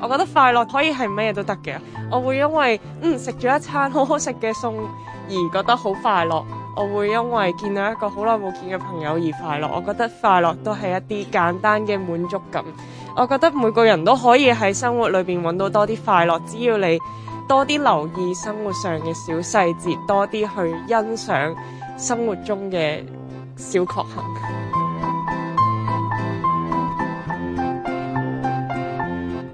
我覺得快樂可以係咩都得嘅，我會因為嗯食咗一餐好好食嘅餸而覺得好快樂，我會因為見到一個好耐冇見嘅朋友而快樂。我覺得快樂都係一啲簡單嘅滿足感。我覺得每個人都可以喺生活裏面揾到多啲快樂，只要你多啲留意生活上嘅小細節，多啲去欣賞生活中嘅小確幸。